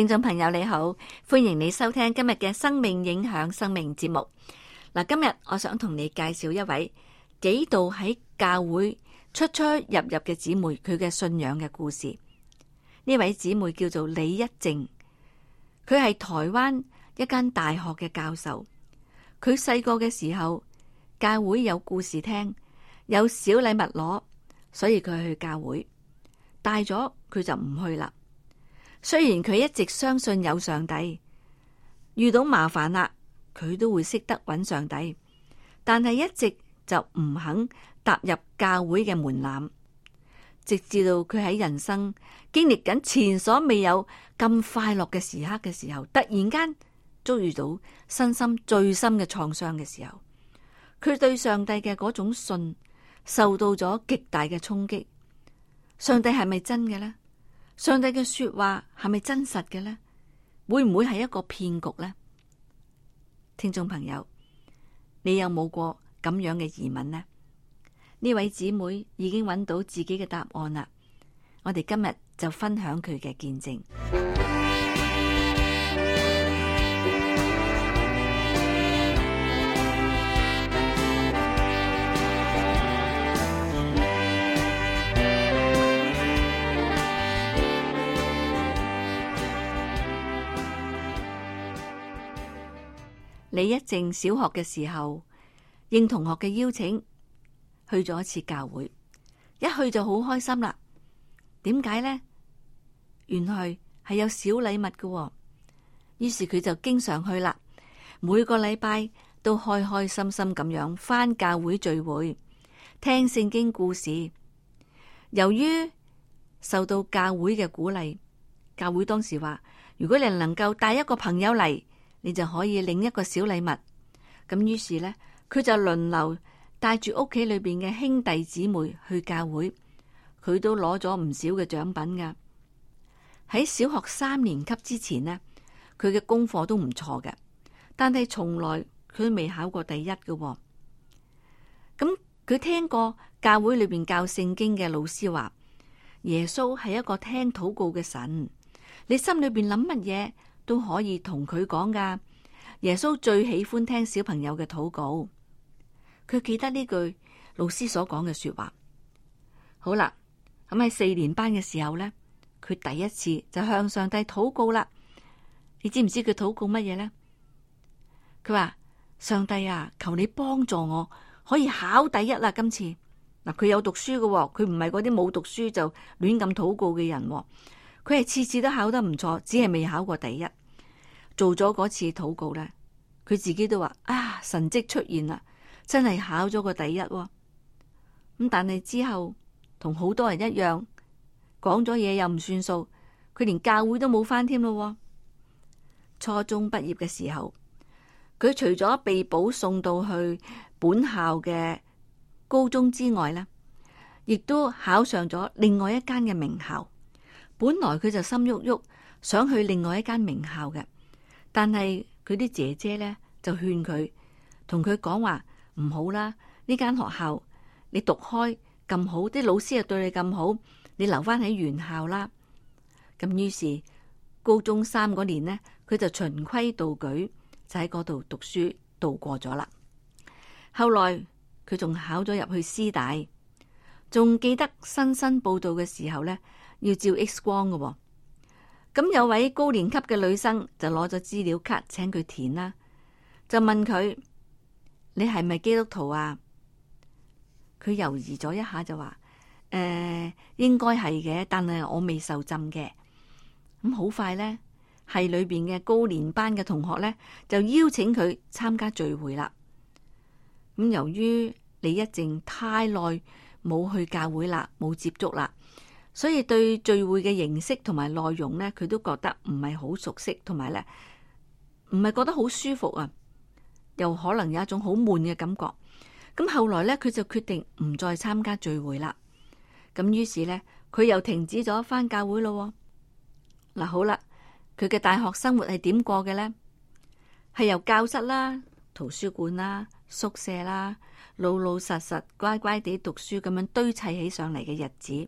聽眾朋友你好，歡迎你收聽今日嘅生命影響生命節目。嗱，今日我想同你介紹一位幾度喺教會出出入入嘅姊妹，佢嘅信仰嘅故事。呢位姊妹叫做李一靜，佢係台灣一間大學嘅教授。佢細個嘅時候，教會有故事聽，有小禮物攞，所以佢去教會。大咗佢就唔去啦。雖然佢一直相信有上帝，遇到麻煩啦，佢都會識得揾上帝，但係一直就唔肯踏入教會嘅門檻，直至到佢喺人生經歷緊前所未有咁快樂嘅時刻嘅時候，突然間遭遇到身心最深嘅創傷嘅時候，佢對上帝嘅嗰種信受到咗極大嘅衝擊，上帝係咪真嘅呢？上帝嘅說話係咪真實嘅呢？會唔會係一個騙局呢？聽眾朋友，你有冇過咁樣嘅疑問呢？呢位姊妹已經揾到自己嘅答案啦！我哋今日就分享佢嘅見證。李一靜小學嘅時候，應同學嘅邀請去咗一次教會，一去就好開心啦。點解呢？原來係有小禮物嘅，於是佢就經常去啦。每個禮拜都開開心心咁樣返教會聚會，聽聖經故事。由於受到教會嘅鼓勵，教會當時話：如果你能夠帶一個朋友嚟。你就可以領一個小禮物，咁於是呢，佢就輪流帶住屋企裏邊嘅兄弟姊妹去教會，佢都攞咗唔少嘅獎品噶。喺小學三年級之前呢，佢嘅功課都唔錯嘅，但係從來佢未考過第一噶。咁佢聽過教會裏邊教聖經嘅老師話，耶穌係一個聽禱告嘅神，你心裏邊諗乜嘢？都可以同佢講噶，耶穌最喜歡聽小朋友嘅禱告。佢記得呢句老師所講嘅說話。好啦，咁喺四年班嘅時候呢，佢第一次就向上帝禱告啦。你知唔知佢禱告乜嘢呢？佢話上帝啊，求你幫助我可以考第一啦。今次嗱，佢有讀書嘅，佢唔係嗰啲冇讀書就亂咁禱告嘅人。佢係次次都考得唔錯，只係未考過第一。做咗嗰次禱告咧，佢自己都話啊，神蹟出現啦，真係考咗個第一咁。但係之後同好多人一樣講咗嘢又唔算數，佢連教會都冇翻添咯。初中畢業嘅時候，佢除咗被保送到去本校嘅高中之外咧，亦都考上咗另外一間嘅名校。本來佢就心郁郁想去另外一間名校嘅。但係佢啲姐姐咧，就勸佢，同佢講話唔好啦，呢間學校你讀開咁好，啲老師又對你咁好，你留翻喺原校啦。咁於是高中三嗰年咧，佢就循規蹈矩，就喺嗰度讀書度過咗啦。後來佢仲考咗入去師大，仲記得新生報道嘅時候咧，要照 X 光㗎喎。咁有位高年級嘅女生就攞咗資料卡請佢填啦，就問佢：你係咪基督徒啊？佢猶豫咗一下就話：誒、呃，應該係嘅，但係我未受浸嘅。咁好快咧，係裏邊嘅高年班嘅同學咧，就邀請佢參加聚會啦。咁由於你一直太耐冇去教會啦，冇接觸啦。所以對聚會嘅形式同埋內容呢，佢都覺得唔係好熟悉，同埋呢，唔係覺得好舒服啊，又可能有一種好悶嘅感覺。咁後來呢，佢就決定唔再參加聚會啦。咁於是呢，佢又停止咗返教會咯。嗱、啊，好啦，佢嘅大學生活係點過嘅呢？係由教室啦、圖書館啦、宿舍啦，老老實實、乖乖地讀書咁樣堆砌起上嚟嘅日子。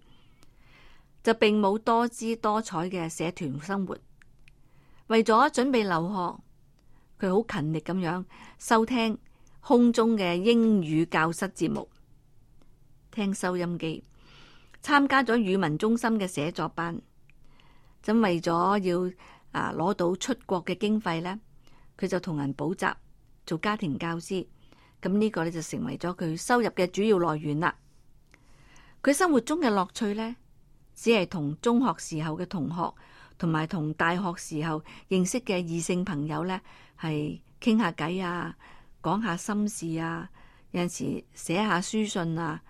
就並冇多姿多彩嘅社團生活。為咗準備留學，佢好勤力咁樣收聽空中嘅英語教室節目，聽收音機，參加咗語文中心嘅寫作班。咁為咗要啊攞到出國嘅經費呢，佢就同人補習，做家庭教師。咁呢個咧就成為咗佢收入嘅主要來源啦。佢生活中嘅樂趣呢，只係同中學時候嘅同學，同埋同大學時候認識嘅異性朋友咧，係傾下偈啊，講下心事啊，有陣時寫下書信啊，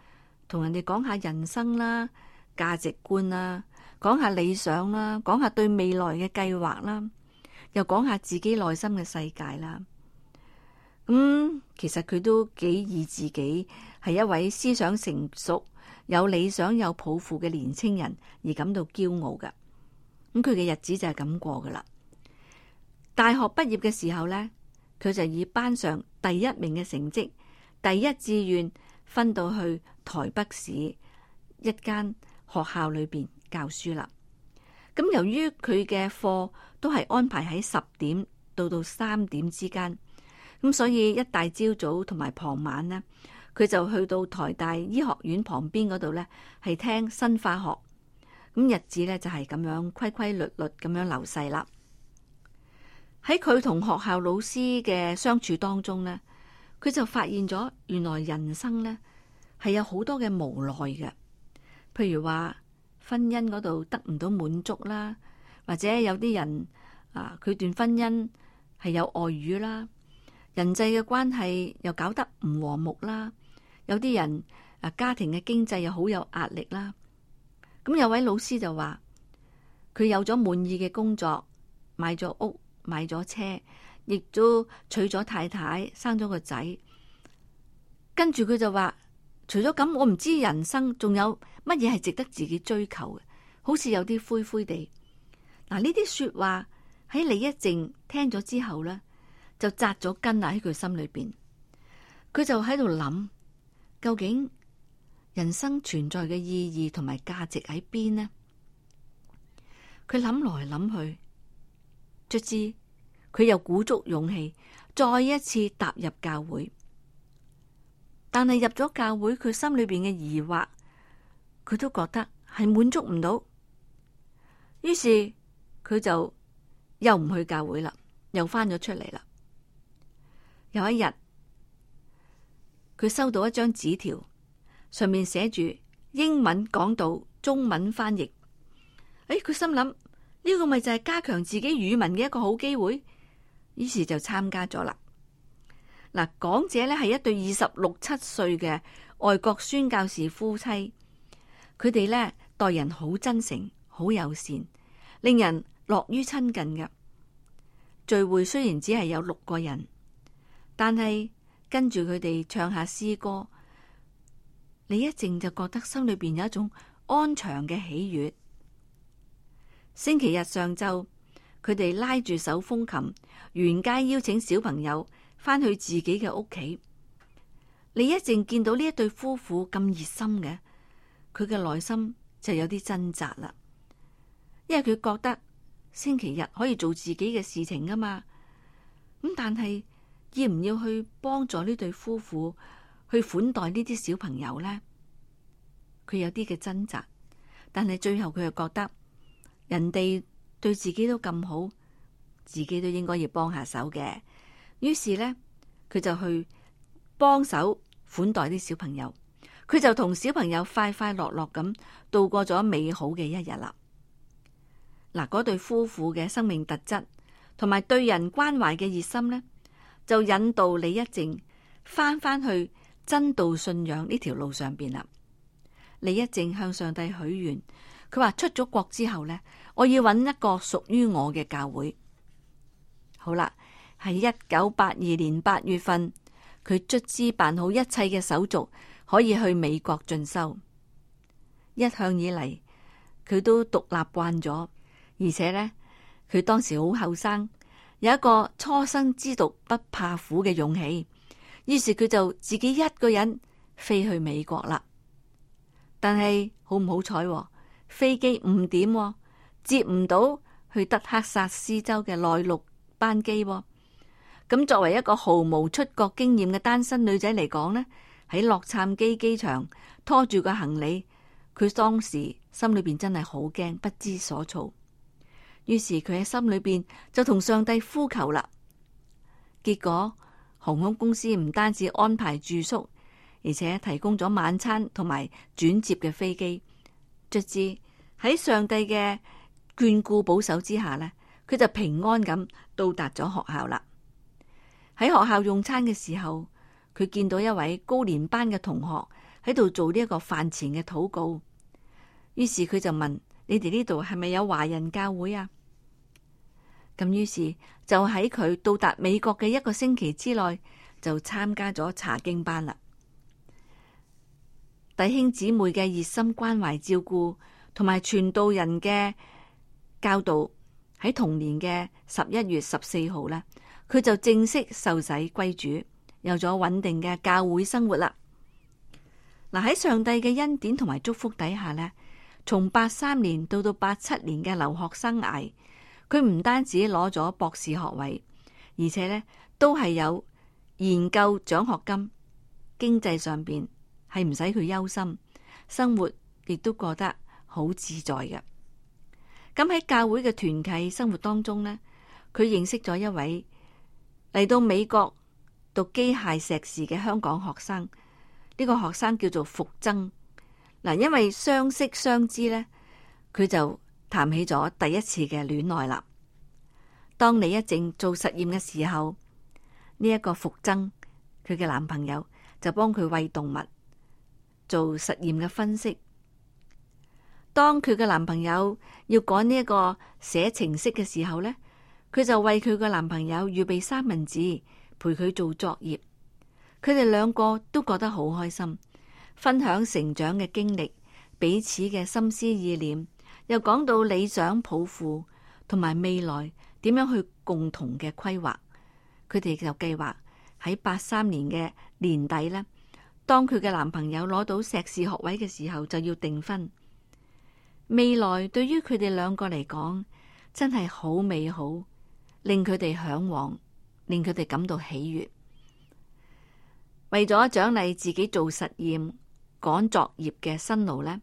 同人哋講下人生啦、價值觀啦，講下理想啦，講下對未來嘅計劃啦，又講下自己內心嘅世界啦。咁、嗯、其實佢都幾以自己係一位思想成熟，有理想有抱負嘅年青人而感到驕傲嘅，咁佢嘅日子就係咁過噶啦。大學畢業嘅時候呢，佢就以班上第一名嘅成績，第一志願分到去台北市一間學校裏邊教書啦。咁由於佢嘅課都係安排喺十點到到三點之間，咁所以一大朝早同埋傍晚呢。佢就去到台大醫學院旁邊嗰度呢，係聽新化學。咁日子呢，就係咁樣規規律律咁樣流逝啦。喺佢同學校老師嘅相處當中呢，佢就發現咗原來人生呢係有好多嘅無奈嘅，譬如話婚姻嗰度得唔到滿足啦，或者有啲人啊，佢段婚姻係有外遇啦，人際嘅關係又搞得唔和睦啦。有啲人啊，家庭嘅經濟又好有壓力啦。咁有位老師就話佢有咗滿意嘅工作，買咗屋，買咗車，亦都娶咗太太，生咗個仔。跟住，佢就話，除咗咁，我唔知人生仲有乜嘢係值得自己追求嘅，好似有啲灰灰地。嗱，呢啲說話喺李一靜聽咗之後咧，就紮咗根啦喺佢心裏邊，佢就喺度諗。究竟人生存在嘅意義同埋價值喺邊呢？佢諗來諗去，卒之佢又鼓足勇氣，再一次踏入教會。但係入咗教會，佢心裏邊嘅疑惑，佢都覺得係滿足唔到，於是佢就又唔去教會啦，又翻咗出嚟啦。有一日。佢收到一張紙條，上面寫住英文講道，中文翻譯。誒、哎，佢心諗呢、這個咪就係加強自己語文嘅一個好機會，於是就參加咗啦。嗱，講者咧係一對二十六七歲嘅外國宣教士夫妻，佢哋咧待人好真誠、好友善，令人樂於親近嘅。聚會雖然只係有六個人，但係。跟住佢哋唱下詩歌，李一靜就覺得心裏邊有一種安詳嘅喜悅。星期日上晝，佢哋拉住手風琴沿街邀請小朋友返去自己嘅屋企。李一靜見到呢一對夫婦咁熱心嘅，佢嘅內心就有啲掙扎啦。因為佢覺得星期日可以做自己嘅事情㗎嘛，咁但係。要唔要去幫助呢對夫婦去款待呢啲小朋友呢？佢有啲嘅掙扎，但係最後佢又覺得人哋對自己都咁好，自己都應該要幫下手嘅。於是呢，佢就去幫手款待啲小朋友。佢就同小朋友快快樂樂咁度過咗美好嘅一日啦。嗱，嗰對夫婦嘅生命特質同埋對人關懷嘅熱心呢。就引導李一靜翻返去真道信仰呢條路上邊啦。李一靜向上帝許願，佢話出咗國之後呢，我要揾一個屬於我嘅教會。好啦，喺一九八二年八月份，佢卒之辦好一切嘅手續，可以去美國進修。一向以嚟佢都獨立慣咗，而且呢，佢當時好後生。有一個初生之犢不怕苦嘅勇氣，於是佢就自己一個人飛去美國啦。但係好唔好彩、哦，飛機誤點、哦，接唔到去德克薩斯州嘅內陸班機、哦。咁、嗯、作為一個毫無出國經驗嘅單身女仔嚟講呢，喺洛杉磯機場拖住個行李，佢當時心裏邊真係好驚，不知所措。於是佢喺心裏邊就同上帝呼求啦，結果航空公司唔單止安排住宿，而且提供咗晚餐同埋轉接嘅飛機。直至喺上帝嘅眷顧保守之下呢，佢就平安咁到達咗學校啦。喺學校用餐嘅時候，佢見到一位高年班嘅同學喺度做呢一個飯前嘅禱告，於是佢就問。你哋呢度係咪有華人教會啊？咁於是就喺佢到達美國嘅一個星期之內，就參加咗查經班啦。弟兄姊妹嘅熱心關懷照顧，同埋傳道人嘅教導，喺同年嘅十一月十四號咧，佢就正式受洗歸主，有咗穩定嘅教會生活啦。嗱，喺上帝嘅恩典同埋祝福底下呢。從八三年到到八七年嘅留學生涯，佢唔單止攞咗博士學位，而且咧都係有研究獎學金，經濟上面係唔使佢憂心，生活亦都過得好自在嘅。咁喺教會嘅團契生活當中咧，佢認識咗一位嚟到美國讀機械碩士嘅香港學生，呢個學生叫做福增。嗱，因為相識相知咧，佢就談起咗第一次嘅戀愛啦。當李一靜做實驗嘅時候，呢、這、一個复增佢嘅男朋友就幫佢餵動物做實驗嘅分析。當佢嘅男朋友要講呢一個寫程式嘅時候咧，佢就為佢嘅男朋友預備三文治，陪佢做作業。佢哋兩個都覺得好開心。分享成長嘅經歷，彼此嘅心思意念，又講到理想抱負同埋未來點樣去共同嘅規劃。佢哋就計劃喺八三年嘅年底咧，當佢嘅男朋友攞到碩士學位嘅時候，就要訂婚。未來對於佢哋兩個嚟講，真係好美好，令佢哋向往，令佢哋感到喜悅。為咗獎勵自己做實驗，趕作業嘅辛勞呢，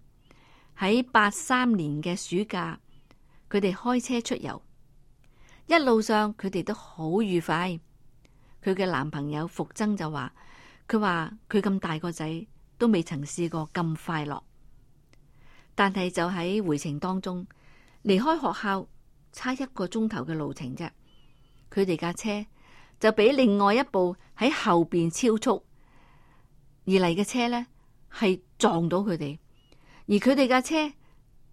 喺八三年嘅暑假，佢哋開車出遊，一路上佢哋都好愉快。佢嘅男朋友傅增就話，佢話佢咁大個仔都未曾試過咁快樂。但係就喺回程當中，離開學校差一個鐘頭嘅路程啫，佢哋架車就俾另外一部喺後邊超速而嚟嘅車呢。係撞到佢哋，而佢哋架車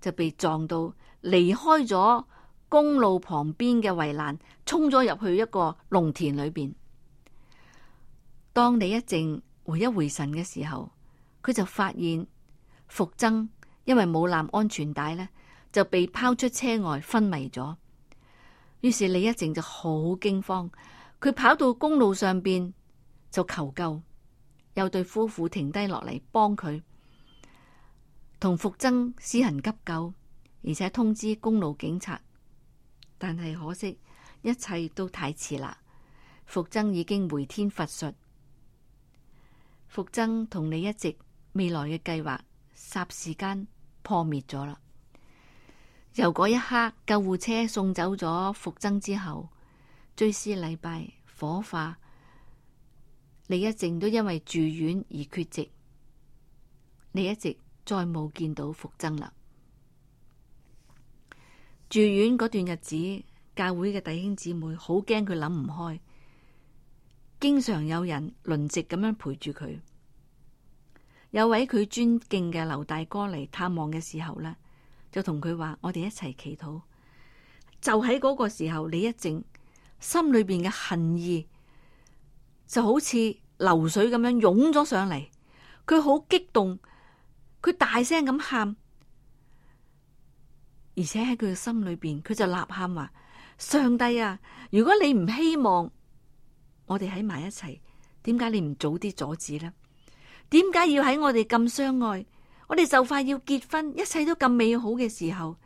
就被撞到離開咗公路旁邊嘅圍欄，衝咗入去一個農田裏邊。當李一靜回一回神嘅時候，佢就發現伏增因為冇攬安全帶咧，就被拋出車外昏迷咗。於是李一靜就好驚慌，佢跑到公路上邊就求救。有對夫婦停低落嚟幫佢同福增施行急救，而且通知公路警察。但係可惜，一切都太遲啦。福增已經回天乏術，福增同你一直未來嘅計劃霎時間破滅咗啦。由嗰一刻救護車送走咗福增之後，追思禮拜火化。李一靜都因為住院而缺席，李一靜再冇見到福增啦。住院嗰段日子，教會嘅弟兄姊妹好驚佢諗唔開，經常有人輪值咁樣陪住佢。有位佢尊敬嘅劉大哥嚟探望嘅時候呢，就同佢話：我哋一齊祈禱。就喺嗰個時候，李一靜心裏邊嘅恨意，就好似流水咁樣湧咗上嚟，佢好激動，佢大聲咁喊，而且喺佢嘅心裏邊，佢就吶喊話：上帝啊，如果你唔希望我哋喺埋一齊，點解你唔早啲阻止呢？點解要喺我哋咁相愛，我哋就快要結婚，一切都咁美好嘅時候，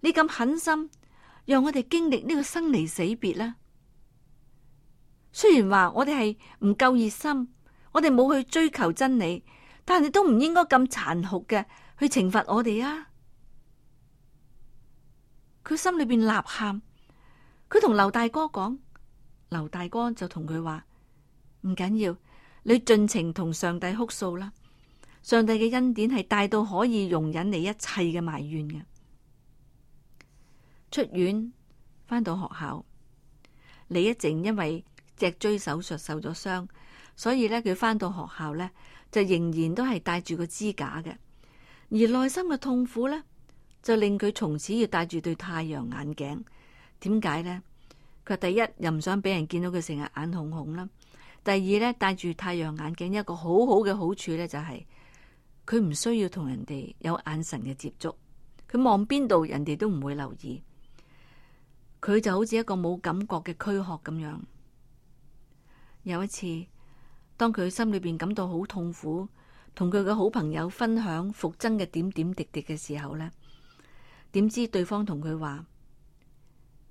你咁狠心，讓我哋經歷呢個生離死別呢？雖然話我哋係唔夠熱心，我哋冇去追求真理，但係你都唔應該咁殘酷嘅去懲罰我哋啊！佢心裏邊吶喊，佢同劉大哥講，劉大哥就同佢話唔緊要，你盡情同上帝哭訴啦。上帝嘅恩典係大到可以容忍你一切嘅埋怨嘅。出院翻到學校，李一靜因為。脊椎手術受咗傷，所以咧佢翻到學校咧就仍然都係戴住個支架嘅，而內心嘅痛苦咧就令佢從此要戴住對太陽眼鏡。點解咧？佢第一又唔想俾人見到佢成日眼紅紅啦。第二咧，戴住太陽眼鏡一個好好嘅好處咧就係佢唔需要同人哋有眼神嘅接觸，佢望邊度人哋都唔會留意，佢就好似一個冇感覺嘅軀殼咁樣。有一次，當佢心裏邊感到好痛苦，同佢嘅好朋友分享復真嘅點點滴滴嘅時候呢，點知對方同佢話：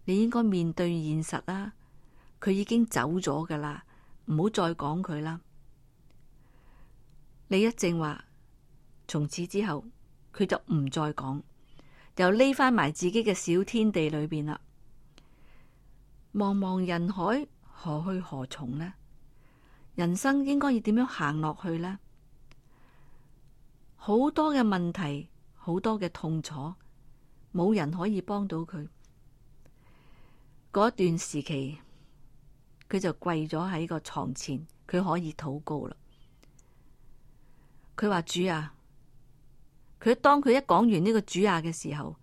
你應該面對現實啦，佢已經走咗噶啦，唔好再講佢啦。李一靜話：從此之後，佢就唔再講，又匿翻埋自己嘅小天地裏邊啦。茫茫人海，何去何從呢？人生應該要點樣行落去呢？好多嘅問題，好多嘅痛楚，冇人可以幫到佢。嗰段時期，佢就跪咗喺個床前，佢可以禱告啦。佢話主啊！佢當佢一講完呢個主啊嘅時候，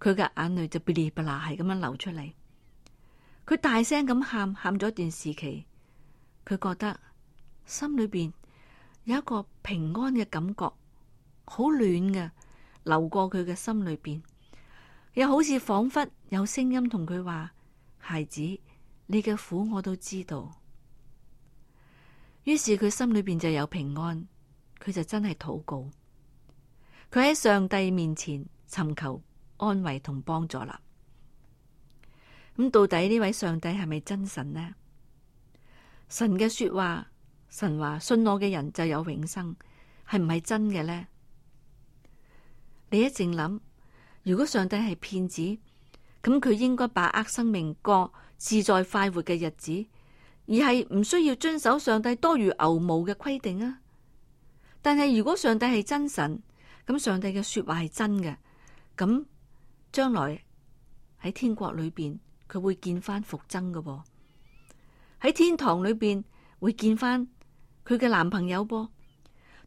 佢嘅眼淚就噼里啪啦係咁樣流出嚟。佢大聲咁喊，喊咗一段時期，佢覺得。心裏邊有一個平安嘅感覺，好暖嘅流過佢嘅心裏邊，又好似仿佛有聲音同佢話：孩子，你嘅苦我都知道。於是佢心裏邊就有平安，佢就真係禱告，佢喺上帝面前尋求安慰同幫助啦。咁到底呢位上帝係咪真神呢？神嘅說話。神話，信我嘅人就有永生，係唔係真嘅呢？你一正諗，如果上帝係騙子，咁佢應該把握生命過自在快活嘅日子，而係唔需要遵守上帝多如牛毛嘅規定啊。但係如果上帝係真神，咁上帝嘅說話係真嘅，咁將來喺天國裏邊佢會見翻復生㗎喎，喺天堂裏邊會見翻。佢嘅男朋友噃，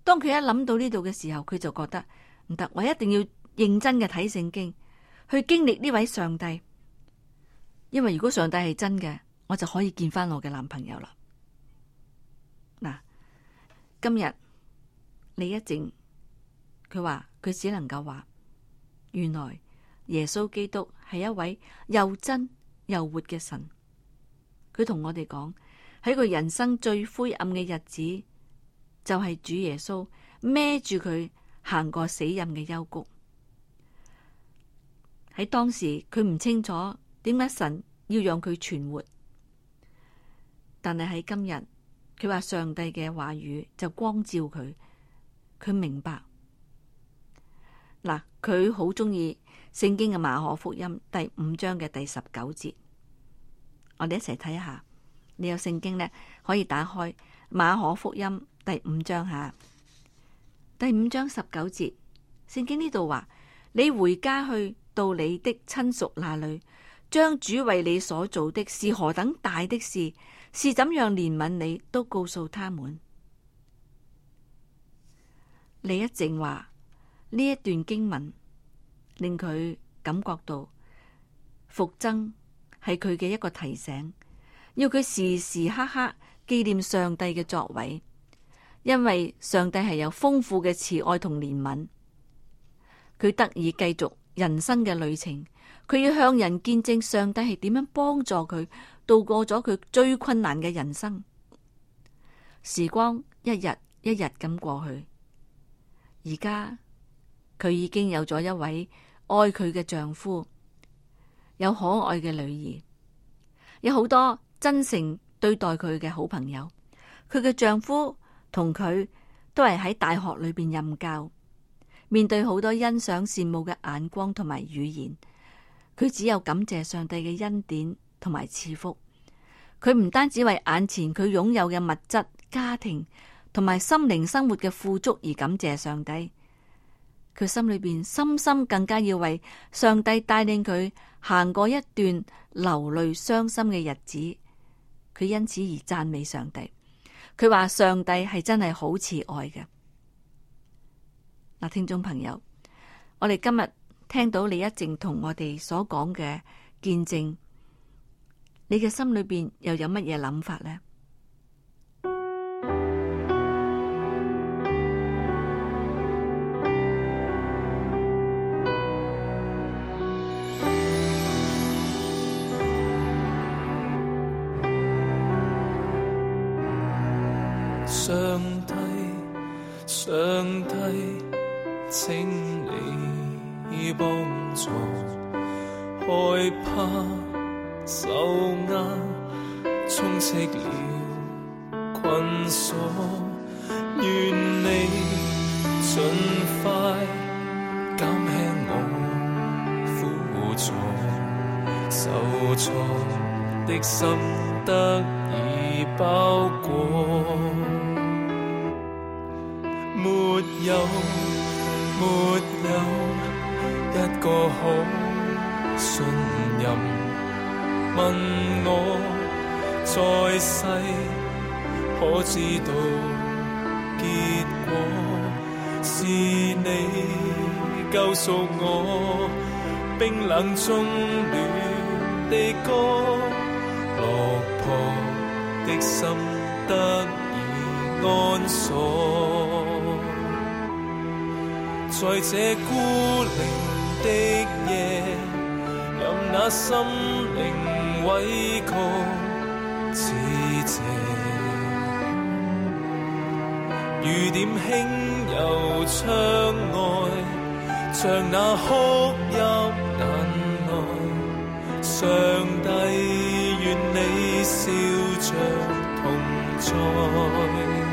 當佢一諗到呢度嘅時候，佢就覺得唔得，我一定要認真嘅睇聖經，去經歷呢位上帝，因為如果上帝係真嘅，我就可以見翻我嘅男朋友啦。嗱，今日李一靜，佢話佢只能夠話，原來耶穌基督係一位又真又活嘅神，佢同我哋講。喺佢人生最灰暗嘅日子，就係主耶穌孭住佢行過死蔭嘅幽谷。喺當時佢唔清楚點解神要讓佢存活，但係喺今日，佢話上帝嘅話語就光照佢，佢明白。嗱，佢好鍾意聖經嘅馬可福音第五章嘅第十九節，我哋一齊睇一下。你有聖經呢，可以打開馬可福音第五章吓，第五章十九節，聖經呢度話：你回家去到你的親屬那裏，將主為你所做的是何等大的事，是怎樣憐憫你，都告訴他們。李一靜話呢一段經文，令佢感覺到復增係佢嘅一個提醒。要佢時時刻刻紀念上帝嘅作為，因為上帝係有豐富嘅慈愛同憐憫，佢得以繼續人生嘅旅程。佢要向人見證上帝係點樣幫助佢度過咗佢最困難嘅人生。時光一日一日咁過去，而家佢已經有咗一位愛佢嘅丈夫，有可愛嘅女兒，有好多。真誠對待佢嘅好朋友，佢嘅丈夫同佢都係喺大學裏邊任教，面對好多欣賞、羨慕嘅眼光同埋語言，佢只有感謝上帝嘅恩典同埋賜福。佢唔單止為眼前佢擁有嘅物質、家庭同埋心靈生活嘅富足而感謝上帝，佢心裏邊深深更加要為上帝帶領佢行過一段流淚傷心嘅日子。佢因此而讚美上帝，佢話上帝係真係好慈愛嘅。嗱，聽眾朋友，我哋今日聽到你一直同我哋所講嘅見證，你嘅心裏邊又有乜嘢諗法呢？害怕受壓，充斥了困鎖，願你盡快減輕我苦楚，受挫的心得以包裹。沒有，沒有一個好。信任，問我在世可知道結果？是你告訴我，冰冷中暖的歌，落魄的心得以安所，在這孤零的夜，那心靈委曲，似這雨點輕柔，窗外像那哭泣眼內。上帝，願你笑着同在。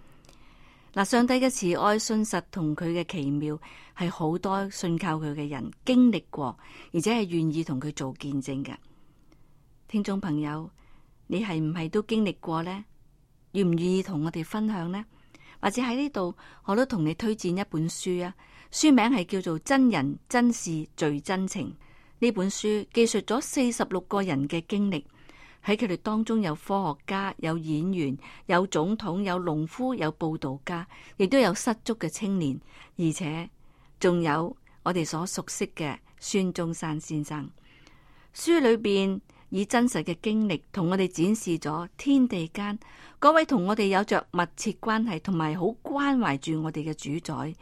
嗱，上帝嘅慈愛、信實同佢嘅奇妙，係好多信靠佢嘅人經歷過，而且係願意同佢做見證嘅。聽眾朋友，你係唔係都經歷過呢？願唔願意同我哋分享呢？或者喺呢度，我都同你推薦一本書啊，書名係叫做《真人真事最真情》。呢本書記述咗四十六個人嘅經歷。喺佢哋當中有科學家、有演員、有總統、有農夫、有報道家，亦都有失足嘅青年，而且仲有我哋所熟悉嘅孫中山先生。書裏邊以真實嘅經歷同我哋展示咗天地間，嗰位同我哋有着密切關係，同埋好關懷住我哋嘅主宰，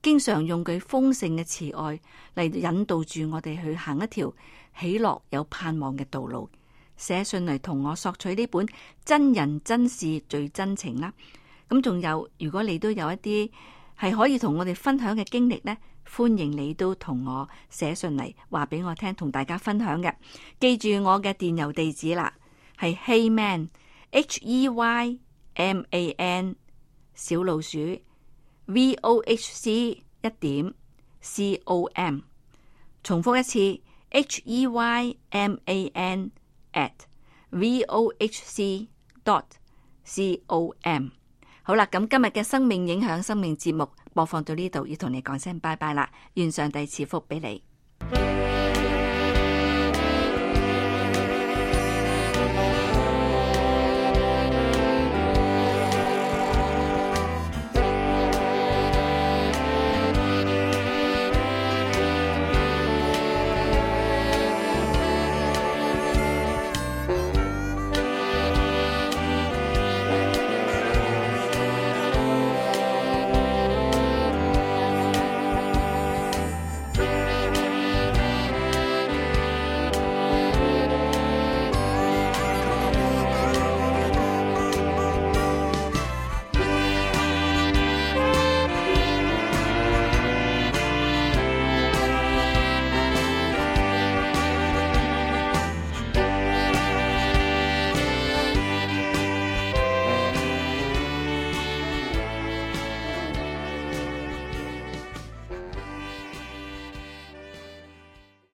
經常用佢豐盛嘅慈愛嚟引導住我哋去行一條喜樂有盼望嘅道路。寫信嚟，同我索取呢本真人真事最真情啦。咁仲有，如果你都有一啲係可以同我哋分享嘅經歷呢，歡迎你都同我寫信嚟，話俾我聽，同大家分享嘅。記住我嘅電郵地址啦，係 Heyman H E Y M A N 小老鼠 V O H C 一點 C O M。重複一次，H E Y M A N。at v o h c dot c o m 好啦，咁今日嘅生命影響生命節目播放到呢度，要同你講聲拜拜啦，願上帝賜福俾你。